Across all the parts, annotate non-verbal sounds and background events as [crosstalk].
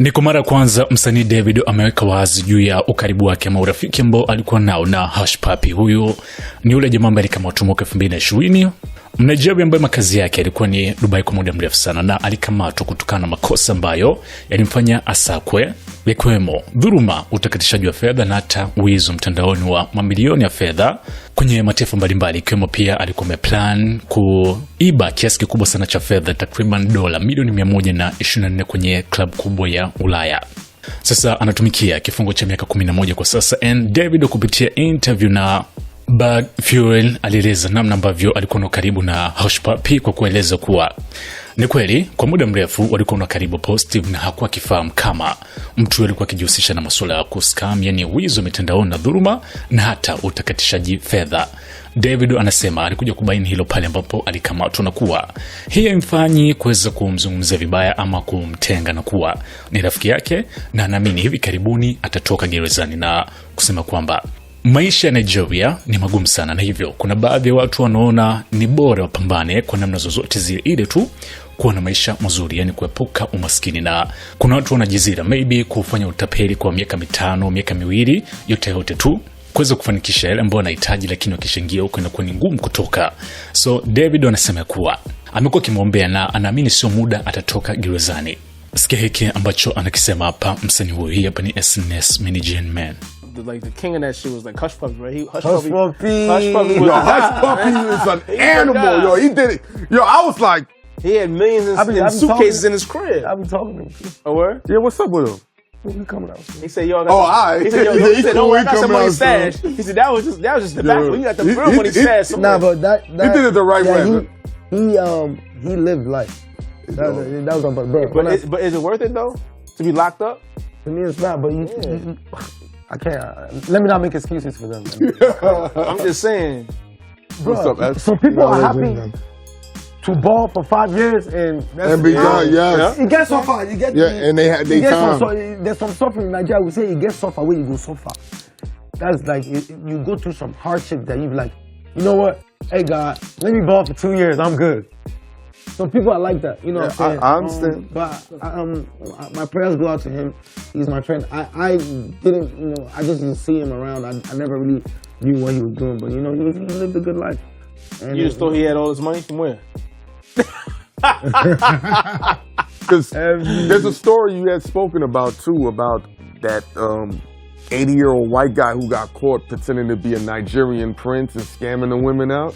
Ni kwa mara ya kwanza msanii david ameweka wazi juu ya ukaribu wake ama urafiki ambao alikuwa nao na hashpapi Huyu ni yule jamaa ambaye alikamatwa mwaka Mnigeria ambaye makazi yake yalikuwa ni Dubai kwa muda mrefu sana na alikamatwa kutokana na makosa ambayo yalimfanya asakwe, ikiwemo dhuluma, utakatishaji wa fedha na hata wizi mtandaoni wa mamilioni ya fedha kwenye mataifa mbalimbali, ikiwemo pia alikuwa ameplan kuiba kiasi kikubwa sana cha fedha, takriban dola milioni 124 kwenye klabu kubwa ya Ulaya. Sasa anatumikia kifungo cha miaka 11 kwa sasa. And kupitia interview na Bag Fuel alieleza namna ambavyo alikuwa na karibu na Hush kwa kueleza kuwa ni kweli kwa muda mrefu walikuwa na karibu Positive na hakuwa akifahamu kama mtu alikuwa akijihusisha na masuala ya kuskam, yani wizi mitandaoni na dhuluma na hata utakatishaji fedha. David anasema alikuja kubaini hilo pale ambapo alikamatwa na kuwa hii haimfanyi kuweza kumzungumzia vibaya ama kumtenga, na kuwa ni rafiki yake na anaamini hivi karibuni atatoka gerezani na kusema kwamba Maisha ya Nigeria ni magumu sana, na hivyo kuna baadhi ya watu wanaona ni bora wapambane kwa namna zozote zile, ile tu kuwa na maisha mazuri, yani kuepuka umaskini. Na kuna watu wanajizira maybe kufanya utapeli kwa miaka mitano, miaka miwili, yote yote tu kuweza kufanikisha yale ambayo anahitaji, lakini wakishaingia huko inakuwa ni ngumu kutoka. So David anasema kuwa amekuwa akimwombea na anaamini sio muda atatoka gerezani. Sikia hiki ambacho anakisema hapa msanii huyo, hii hapa ni SNS Minigen Man. the, like the king of that shit was like Hush Puppy, right? He, Hush, Hush Puppy, Hush Puppy yo, Hush [laughs] Puppy is an animal, yo. He did it. Yo, I was like, he had millions in, been, in I suitcases in his crib. I've been talking to him. Oh, where? Yeah, what's up with him? He coming out. He said, "Yo, I got oh, all right." He said, "Yo, he [laughs] said, don't worry, I got some money stashed." He said, "That was just that was just the yeah. back. When you got the real money he, stashed." Nah, but that, that, he did it the right yeah, way. He, he, um he lived life. That, was, that was on, but bro. But, but is it worth it though to be locked up? To me, it's not. But you, yeah. I can't. Let me not make excuses for them. [laughs] I'm just saying. Bro, What's up, So people are happy to ball for five years and that's and beyond. Yes, yeah. it gets suffer. You get yeah, and they had they time. Some, there's some suffering in Nigeria. We say it gets far when you go so far. That's like you, you go through some hardship that you like. You know what? Hey God, let me ball for two years. I'm good. Some people are like that, you know. Yeah, i I, understand. Um, but I, um, my prayers go out to him. He's my friend. I, I didn't, you know, I just didn't see him around. I, I never really knew what he was doing, but you know, he, he lived a good life. And you just thought he had all his money from where? Because [laughs] there's a story you had spoken about too about that um, 80 year old white guy who got caught pretending to be a Nigerian prince and scamming the women out.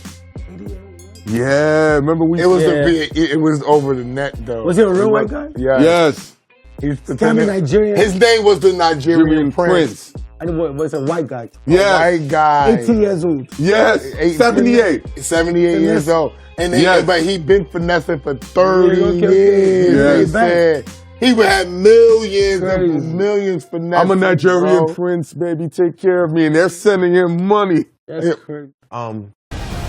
Yeah, remember we? It was yeah. it, it was over the net though. Was it a real white guy? Yeah. Yes. He's pretending. Nigerian. His name was the Nigerian, Nigerian Prince. Prince. And it was a white guy. Yeah. A white guy. 18 years old. Yes. 78. 78 years old. And they, yes. but he been finessing for 30 years. Yes. They said, he would have millions and millions for nothing. I'm a Nigerian bro. prince, baby. Take care of me. And they're sending him money. That's crazy. Um,